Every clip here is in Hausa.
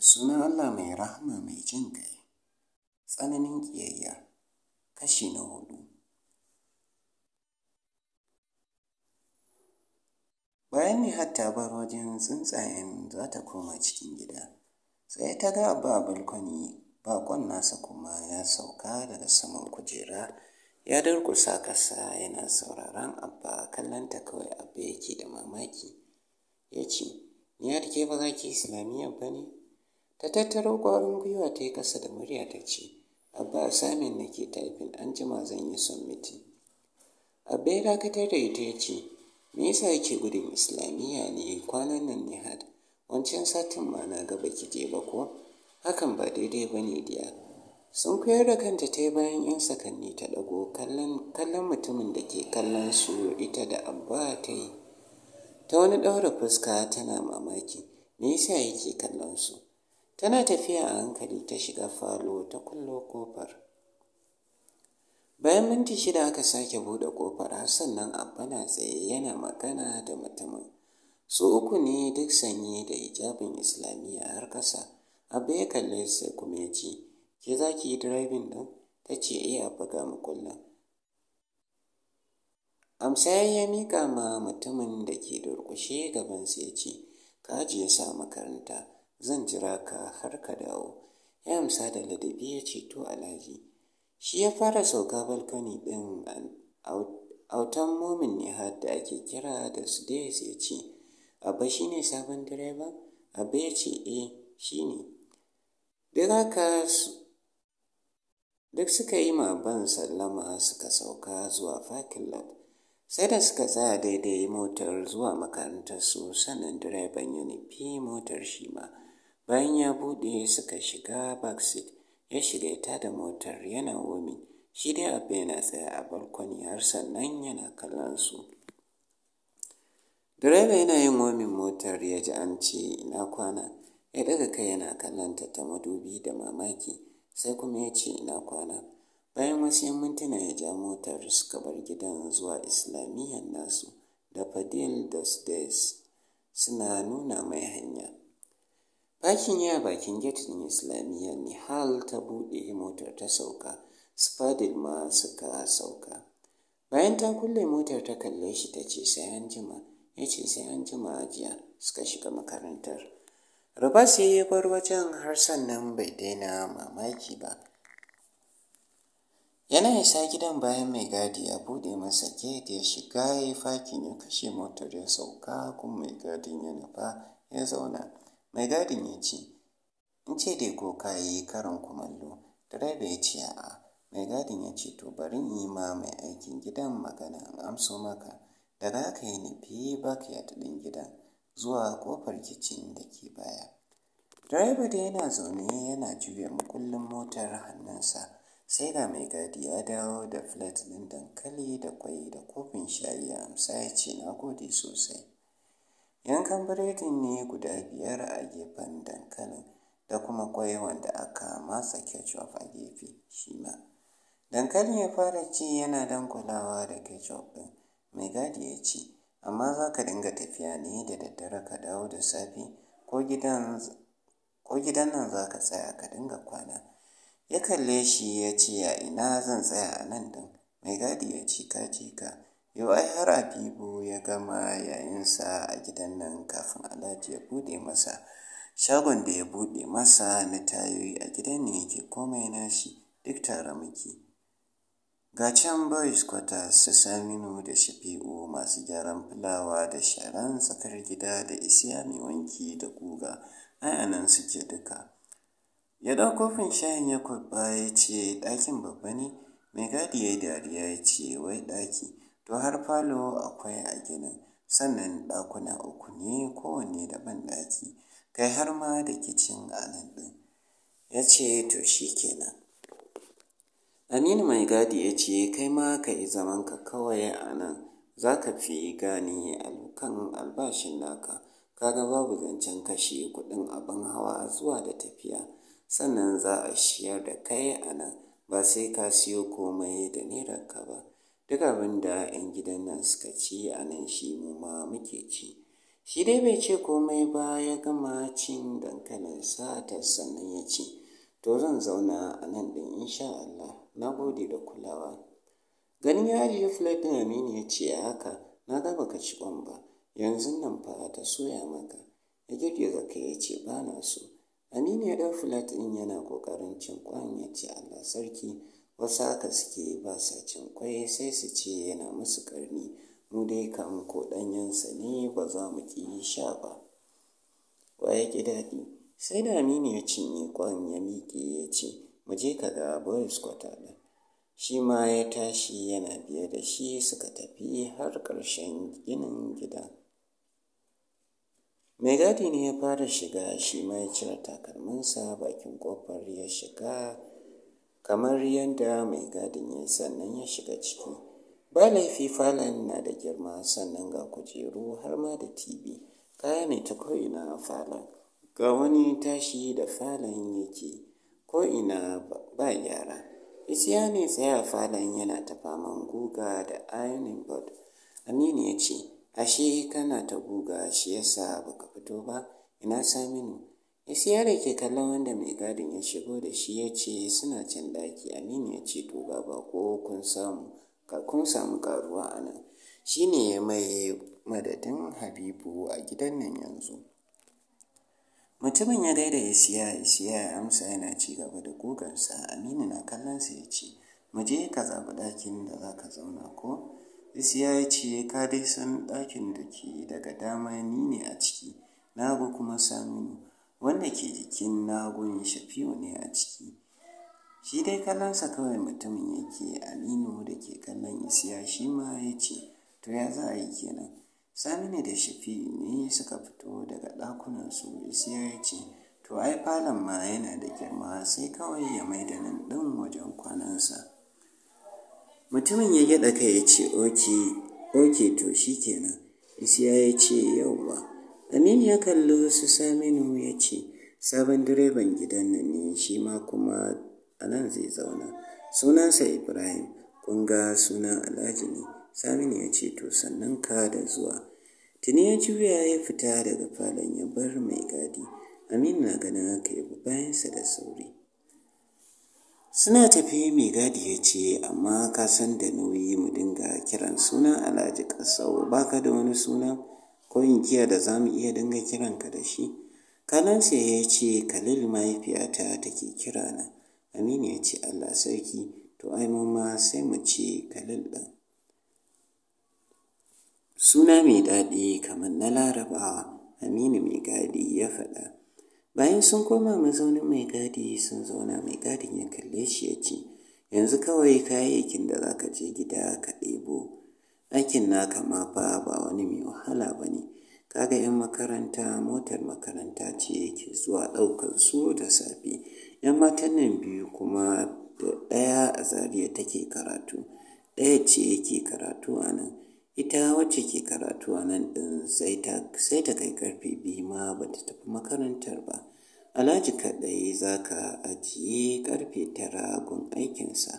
Da sunan Allah mai rahama mai jin ƙai, tsananin ƙiyayya, kashi na hudu. Bayan ne hattabar bar wajen tsuntsayen za ta koma cikin gida, sai ta ga ba balkoni bakon nasa kuma ya sauka daga saman kujera ya durƙusa ƙasa yana sauraron abba kallonta kawai abba yake da mamaki ya ce ni ke ba za ki islamiyya ba ne ta tattaro ƙwarin gwiwa ta yi ƙasa da murya ta ce abba samin nake tafin an jima zan yi submitting abba ya dakatar da ita ya ce me yasa yake gudun islamiyya ne kwanan nan ne had wancan satin ma na ga baki je ba ko hakan ba daidai ba ne diya sun koyar da kanta ta bayan yan sakanni ta ɗago kallon mutumin da ke kallon su ita da abba ta yi ta wani ɗaura fuska tana mamaki me yasa yake kallon su tana tafiya a hankali ta shiga falo ta kullo kofar bayan minti shida aka sake buɗe kofar har sannan abba na tsaye yana magana da mutumin su uku ne duk sanye da hijabin islamiyya har ƙasa abba ya kalle su kuma ya ce ke za ki yi direbin ɗin ta ce iya eh, buga ga mukullin amsa ya mika ma mutumin da ke durƙushe gabansa ya ce kaji ya sa makaranta zan jira ka har ka dawo ya amsa da ladabi ya ce to alhaji shi ya fara sauka balkoni ɗin autan momin ne har da ake kira da su da ya ce abba shi ne sabon direba abba ya ce e shi ne duk suka yi ma ban sallama suka sauka zuwa fakin lab sai da suka tsaya daidai motar zuwa su sannan direban ya nufi motar shi ma Bayan ya buɗe suka shiga backseat, ya shiga ta da motar yana wumi. Shi dai abu yana tsaye a balkoni har sannan yana kallon su. Direba yana yin wumin motar ya ji an ce ina kwana. Ya daga kai yana kallon ta ta madubi da mamaki sai kuma ya ce ina kwana. Bayan wasu 'yan mintuna ya ja motar suka bar gidan zuwa islamiyyar nasu da Fadil da Sudais suna nuna mai hanya. Ɗakin ya bakin gate ɗin Islamiyya ne hal ta buɗe motar ta sauka, Spadil ma suka sauka. Bayan ta kulle motar ta kalle shi ta ce sai an jima, ya ce sai an jima a jiya suka shiga makarantar. Rabas ya bar wajen har sannan bai daina mamaki ba. Yana isa gidan bayan mai gadi ya buɗe masa gate ya shiga ya yi fakin ya kashe motar ya sauka kuma mai gadin ya nufa ya zauna. mai gadin ya ce in ce dai ko ka yi karin kumallo direba ya ce a, mai gadin ya ce to bari in yi ma mai aikin gidan magana in amso maka da za ka yi nufi yi ɗin gidan zuwa ƙofar kicin da ke baya direba da yana zaune yana juya makullin motar hannunsa sai ga mai gadi ya dawo da flat ɗin dankali da kwai da kofin shayi a amsa ya ce na gode sosai Yankan biredin ne guda biyar a gefen dankalin da kuma ƙwai wanda aka masa kecof a gefe shi ma. Dankalin ya fara ci yana dan kulawa da kecof ɗin. Mai gadi ya ce, amma za ka dinga tafiya ne da daddare ka dawo da safe ko gidan nan za ka tsaya ka dinga kwana. Ya kalle shi ya ce, a ina zan tsaya a nan ɗin? Mai gadi ya ce, ka je ka. Yau ai har Habibu ya gama yayinsa a gidan nan kafin Alhaji ya buɗe masa. Shagon da ya buɗe masa na tayoyi a gidan ne yake komai na shi duk tare muke. Ga can boys quarters su Saminu da Shafi'u masu gyaran fulawa da sharan tsakar gida da isiya mai wanki da guga ayanan nan suke duka. Ya ɗau kofin shayin ya kurɓa ya ce ɗakin babba ne, mai gadi ya yi dariya ya ce wai ɗaki. to har falo akwai a ginin sannan ɗakuna uku ne kowanne da banɗaki kai har ma da kicin a nan ɗin ya ce to shi kenan aminu mai gadi ya ce kai ma ka yi zamanka kawai a nan za ka fi gane kan albashin naka ka ga babu zancen kashe kuɗin abin hawa zuwa da tafiya sannan za a shiyar da kai a nan ba sai ka siyo komai da ka ba Duk abin da 'yan gidan nan suka ci a nan shi mu ma muke ci. Shi dai bai ce komai ba ya gama cin dankalinsa ta sannan ya ce, To zan zauna a nan in insha Allah, na gode da kulawa. Ganin ya ajiye filet ɗin Aminu ya ce, haka, na ga baka ci kwan ba, yanzu nan fa ta soya maka. Ya girgiza kai ya ce, ba na so. Aminu ya ɗau filet ɗin yana ƙoƙarin cin kwan ya ce, Allah sarki, wasu haka suke ba sa cin kwai sai su ce yana musu karni mu dai kam ko ɗanyensa ne ba za mu ƙi sha ba wa ya daɗi sai da aminu ya cinye kwan ya miƙe ya ce mu je ka ga boris kwata ɗin shi ma ya tashi yana biye da shi suka tafi har ƙarshen ginin gidan mai gadi ne ya fara shiga shi ma ya cire takalminsa bakin kofar ya shiga kamar yadda mai gadin ya sannan ya shiga ciki ba laifi falon na da girma sannan ga kujeru har ma da tv kaya ne ta ko'ina falon ga wani tashi da falon yake ko'ina ba gyara isiya ne tsaye falon yana ta faman guga da ironing board aminu ya ce ashe kana ta guga shi yasa baka fito ba ina saminu ya da ke kallon wanda mai gadin ya shigo da shi ya ce suna can ɗaki Aminu ya ce to ga bako kun samu kun samu karuwa a nan shi ne ya mai madadin Habibu a gidan nan yanzu. Mutumin ya gaida Isiya Isiya ya amsa yana ci gaba da gogansa Aminu na kallon kallonsa ya ce mu je ka zaɓi ɗakin da za ka zauna ko? Isiya ya ce ka dai san ɗakin da ke daga dama ni ne a ciki na ga kuma Saminu. wanda ke jikin nagun Shafi'u ne a ciki. Shi dai kallonsa kawai mutumin yake Aminu da ke kallon Isiya shi ma ya ce, To ya za a yi kenan. ne da shafi' ne suka fito daga ɗakunansu Isiya ya ce, To ai falon ma yana da girma sai kawai ya mai da nan ɗin wajen kwanansa. Mutumin ya gyaɗa kai ya ce, Oke, to shi kenan. Isiya ya ce, Yau ba. Aminu ya kalli su Saminu ya ce, Sabon direban gidan nan ne shi ma kuma a nan zai zauna. Sunansa Ibrahim, kun ga sunan Alhaji ne. Saminu ya ce, To sannan ka da zuwa. Tuni ya juya ya fita daga falon ya bar mai gadi. Aminu na ganin haka ya bayansa da sauri. Suna tafi mai gadi ya ce, Amma ka san da nauyi mu dinga kiran sunan Alhaji Kasau, baka da wani suna? ko giya da za mu iya dinga kiranka da shi kalansa ya ce kalil mahaifiyata take kira na aminu ya ce allah sarki to ai mu ma sai mu ce kalil ɗin suna mai daɗi kamar na larabawa aminu mai gadi ya faɗa bayan sun koma mazaunin mai gadi sun zauna mai gadin ya kalle shi ya ce yanzu kawai kayayyakin da za ka je gida ka ɗebo aikin naka ma fa ba wani mai wahala ba ne kaga 'yan makaranta motar makaranta ce ke zuwa ɗaukar su da safe 'yan matan nan biyu kuma da ɗaya a zariya take karatu ɗaya ce yake karatu a nan ita wacce ke karatu a nan ɗin sai ta kai karfe biyu ma ba ta tafi makarantar ba alhaji kaɗai za ka ajiye karfe tara gun aikinsa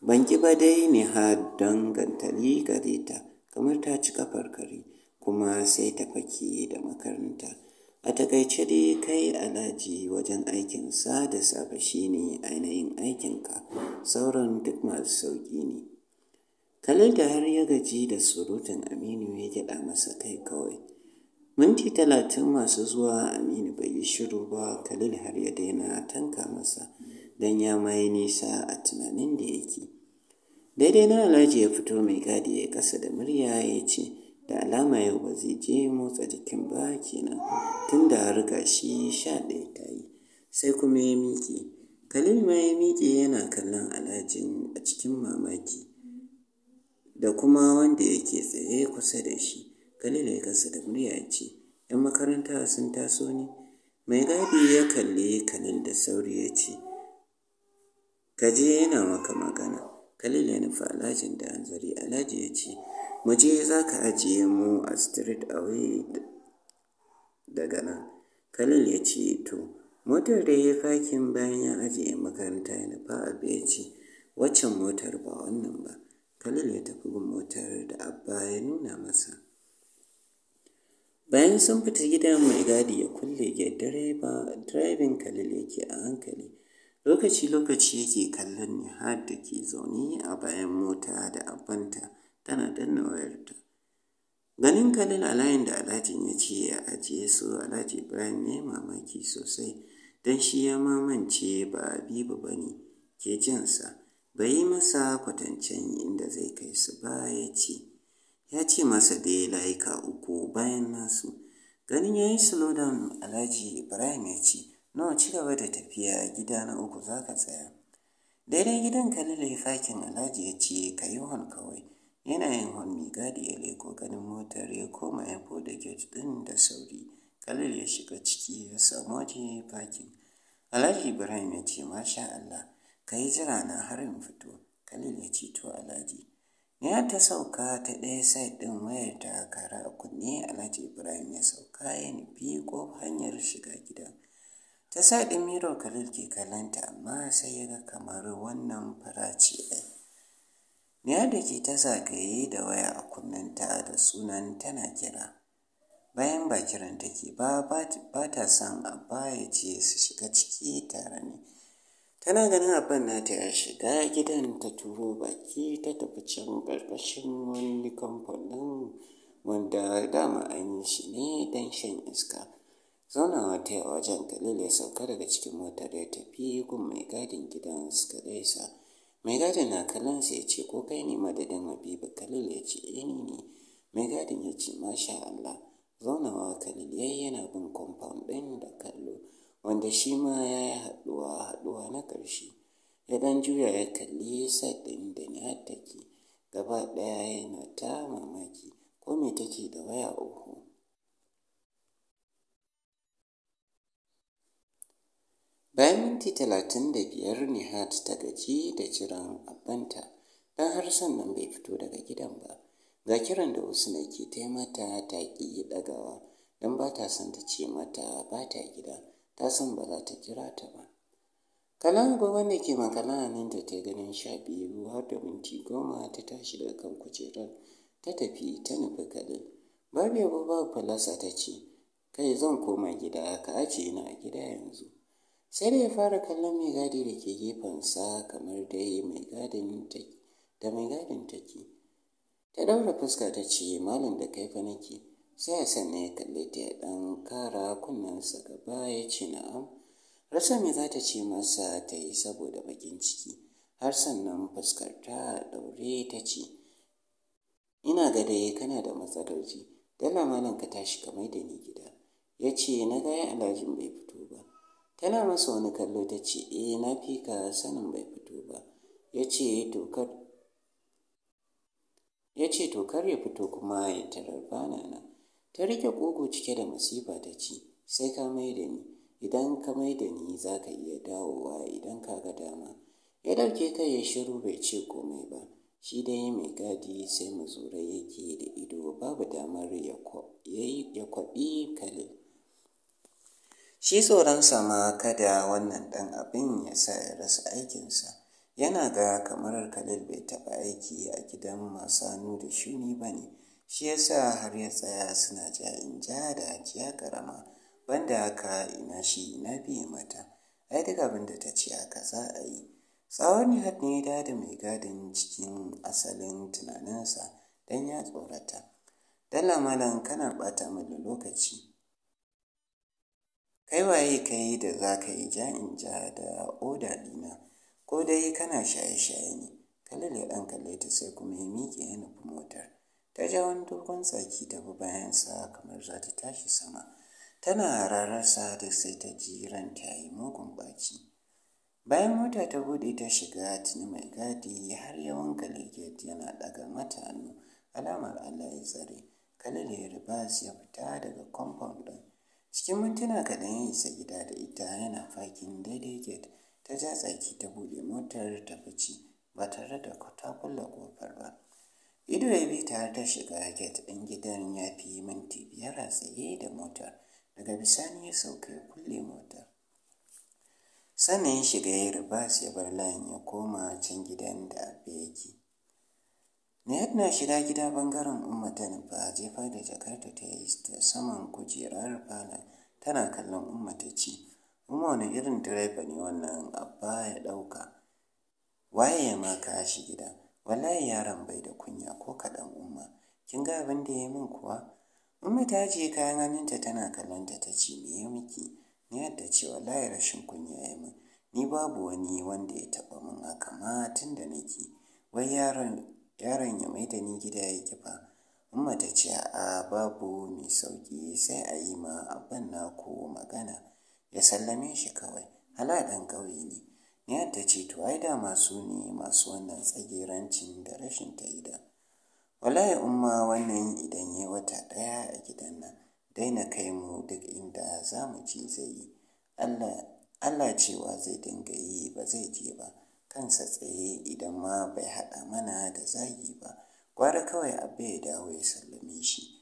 Ban ƙi ba dai Nihad don gantali gare ta, kamar ta ci kafar kare, kuma sai ta fake da makaranta. A takaice dai kai alhaji wajen aikin, sa da safe shi ne ainihin aikinka, sauran duk masu sauƙi ne. Kalil da har ya gaji da surutun Aminu ya gyaɗa masa kai kawai. Minti talatin masu zuwa Aminu bai yi shiru ba, Kalil har ya daina tanka masa. don ya maye nisa a tunanin da yake daidai na alhaji ya fito mai gadi ya kasa da murya ya ce da alama yau ba zai je motsa jikin ba kenan tun da har shi sha ɗaya ta yi sai kuma ya miƙe kalil ma ya miƙe yana kallon alhajin a cikin mamaki da kuma wanda yake tsaye kusa da shi. kalil ya kasa da murya ya ce, ‘yan makaranta sun taso ne? Mai gadi ya kalli kalil da sauri ya ce, ka je yana maka magana Khalil ya nufa alhajin da an zari. alhaji ya ce mu je za ka ajiye mu a street away daga nan Kalil ya ce to motar da ya fakin bayan ya ajiye makaranta ya nufa abu ya ce waccan motar ba wannan ba Kalil ya tafi gun motar da abba ya nuna masa bayan sun fita gidan mai gadi ya kulle ya direba direbin Kalil yake a hankali Lokaci-lokaci yake kallon har da ke zaune a bayan mota da abanta tana danna wayarta. Ganin Khalil a layin da Alhajin ya ce a ajiye su Alhaji Ibrahim ya mamaki sosai don shi ya mamance ba Habibu ba ne ke jinsa. Bai yi masa kwatancen inda zai kai su ba ya ce, ya ce masa dai layuka uku bayan nasu. Ganin ya yi slow down Alhaji Ibrahim ya ce, nawa ci gaba da tafiya gida na uku za ka tsaya daidai gidan kalilai fakin alhaji ya ce ka yi hon kawai yana yin hon mai gadi ya leko ganin motar ya koma ya bude gate ɗin da sauri kalil ya shiga ciki ya samu waje fakin alhaji ibrahim ya ce masha allah ka yi jira na har in fito kalil ya ce to alhaji ya ta sauka ta ɗaya side ɗin wayar ta kara a kunne alhaji ibrahim ya sauka ya nufi ko hanyar shiga gidan ta sa ɗin miro kalil ke kalanta, amma sai ya ga kamar wannan fara ce ai niya da ke ta zagaye da waya a kunnenta da sunan tana kira bayan ba kiran take ba ba ta son abba ya ce su shiga ciki tare ne tana ganin abban nata ya shiga gidan ta turo baki ta tafi can ƙarƙashin wani kamfanin wanda dama an yi shi ne don shan iska zaunawa ta yi a wajen kalil ya sauka daga cikin motar ya tafi gun mai gadin gidan suka mai gadin na kallon sa ya ce ko kai ne madadin habibu kalil ya ce eh ne mai gadin ya ce masha allah zaunawa kalil ya yana bin compound ɗin da kallo wanda shi ma ya yi haɗuwa haɗuwa na ƙarshe ya ɗan juya ya kalli sa ɗin da na take gaba ɗaya yana ta mamaki ko me take da waya uku Bayan minti talatin da biyar ne hat ta gaji da jiran abanta, don har sannan bai fito daga gidan ba. Ga kiran da wasu na ke taimata ta ƙi ɗagawa don ba ta son ta ce mata ba ta gida ta san ba za ta kira ta ba. Kalan gobe da ke makala da ta ganin sha biyu har da minti goma ta tashi daga kan kujerar ta tafi ta nufi kaɗai. Babu yabo babu falasa ta ce, kai zan koma gida ka ajiye ni a gida yanzu. sai da ya fara kallon mai gadi da ke gefensa kamar dai mai gadin ta da mai gadin take ta daura fuska ta ce malam da kai fa nake sai ya sanna ya kalle ta ya ɗan kara kunnensa gaba ya ce na'am rasa mai za ta ce masa ta yi saboda bakin ciki har sannan fuskar ta daure ta ce ina ga dai kana da matsalar ji dala malam ka tashi kamar da ni gida ya ce na ga alhajin bai fito ba tana masa wani kallo ta ce 'E na fi ka sanin bai fito ba ya ce tokar ya ya fito kuma ya tarar bana na ta rike ƙugu cike da masifa ta ce sai ka mai da ni idan ka mai da ni za ka iya dawowa idan ka ga dama ya ɗauke kai ya shiru bai ce komai ba shi dai mai gadi sai mazurai yake da ido babu damar ya kwaɓi kalil shi tsoron sama kada wannan ɗan abin ya sa ya rasa aikinsa yana ga kamar khalil bai taɓa aiki a gidan masu hannu da shuni ba ne shi ya sa har ya tsaya suna ja ja da ajiya karama banda haka ina shi ina biye mata ai duk abin da ta ce haka za a yi tsawon har ne da da mai gadin cikin asalin tunaninsa don ya tsorata dala malam kana ɓata min lokaci Kai waye ka yi da za ka yi in ja da oda ɗina, ko dai kana shaye-shaye ne? Khalil ya ɗan kalle ta sai kuma ya miƙe ya nufi motar. Ta ja wani dogon tsaki ta bi sa kamar za ta tashi sama. Tana rarasa da sai ta ji ranta yi mugun ɓaci. Bayan mota ta buɗe ta shiga tuni mai gadi har yawan wanka yana ɗaga matanu, alamar Allah ya tsare. Khalil ya ribas ya fita daga kwamfam ɗin. cikin mintuna kaɗan ya isa gida da ita yana fakin daidai gate ta ja tsaki ta buɗe motar ta fice ba tare da ta kulle ƙofar ba ido ya bi tare ta shiga gate ɗin gidan ya fi minti biyar a tsaye da motar daga bisani ya sauka ya kulle motar sannan ya shiga ya ya bar layin ya koma can gidan da abu yake na yadda shiga gida bangaren umma ta nufa jefa da jakarta ta yi da saman kujerar falon tana kallon Umma ta ce, Umma wani irin direba ne wannan Abba ya ɗauka? Waye ya ma kashi gida? Wallahi yaron bai da kunya ko kaɗan Umma. Kin ga abin da ya min kuwa? Umma ta je kayan hannunta tana kallon ta ta ce, Me ya miki? Ni yadda ce wallahi rashin kunya ya min. Ni babu wani wanda ya taɓa min haka ma tun da nake. Wai yaron yaron ya da ni gida ya kifa. in mace ce a'a babu mai sauƙi sai a yi ma abin naku magana ya sallame shi kawai hala ƙauye ne niyar ta ce to ai da masu ne masu wannan tsagerancin da rashin ta yi da ya umma wannan idan ya wata ɗaya a gidan nan daina kai mu duk inda za mu ci zai yi allah cewa zai dinga yi ba zai je ba kansa tsaye idan ma bai haɗa mana da zagi ba gwara kawai abba ya dawo ya sallame shi